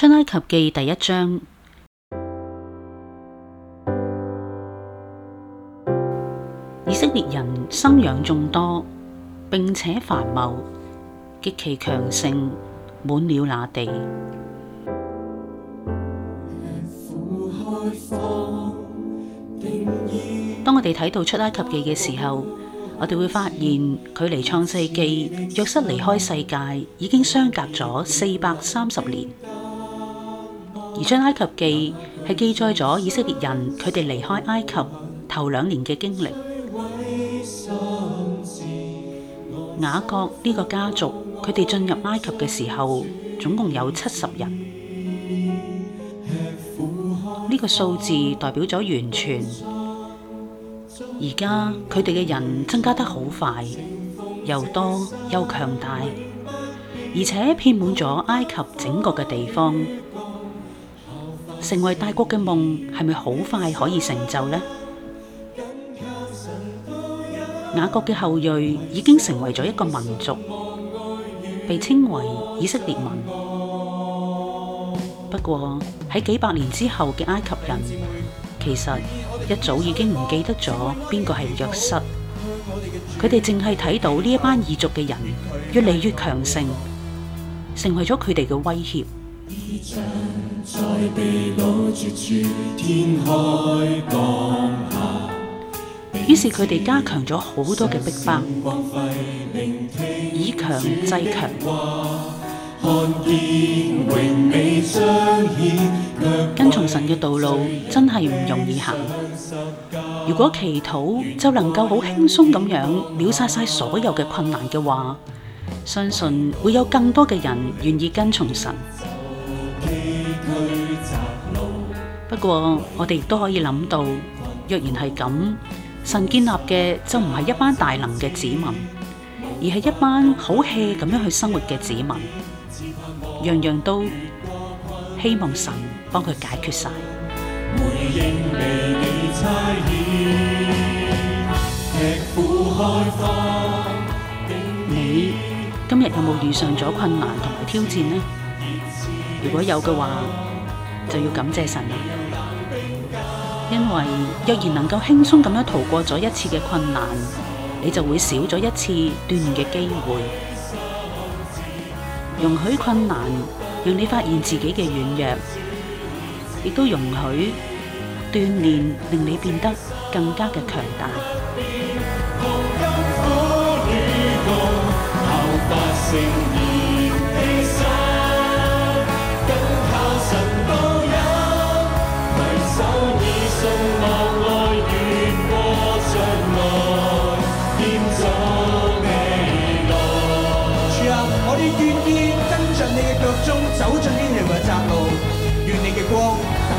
出埃及記第一章，以色列人生養眾多，並且繁茂，極其強盛，滿了那地。當我哋睇到出埃及記嘅時候，我哋會發現距離創，佢離創世記約瑟離開世界，已經相隔咗四百三十年。而《出埃及記》係記載咗以色列人佢哋離開埃及頭兩年嘅經歷。雅各呢個家族，佢哋進入埃及嘅時候，總共有七十人。呢個數字代表咗完全。而家佢哋嘅人增加得好快，又多又強大，而且遍滿咗埃及整個嘅地方。成為大國嘅夢係咪好快可以成就呢？雅各嘅後裔已經成為咗一個民族，被稱為以色列民。不過喺幾百年之後嘅埃及人，其實一早已經唔記得咗邊個係約瑟，佢哋淨係睇到呢一班異族嘅人越嚟越強盛，成為咗佢哋嘅威脅。於是佢哋加強咗好多嘅逼迫，以強制強。嗯、跟從神嘅道路真係唔容易行。如果祈禱就能夠好輕鬆咁樣秒殺晒所有嘅困難嘅話，相信會有更多嘅人願意跟從神。不過我哋亦都可以諗到，若然係咁，神建立嘅就唔係一班大能嘅子民，而係一班好 hea 咁樣去生活嘅子民，樣樣都希望神幫佢解決晒。你今日有冇遇上咗困難同埋挑戰呢？如果有嘅話，就要感謝神啦。因為若然能夠輕鬆咁樣逃過咗一次嘅困難，你就會少咗一次鍛鍊嘅機會。容許困難讓你發現自己嘅軟弱，亦都容許鍛鍊令你變得更加嘅強大。我哋願意跟進你嘅腳蹤走進呢條窄路，願你嘅光。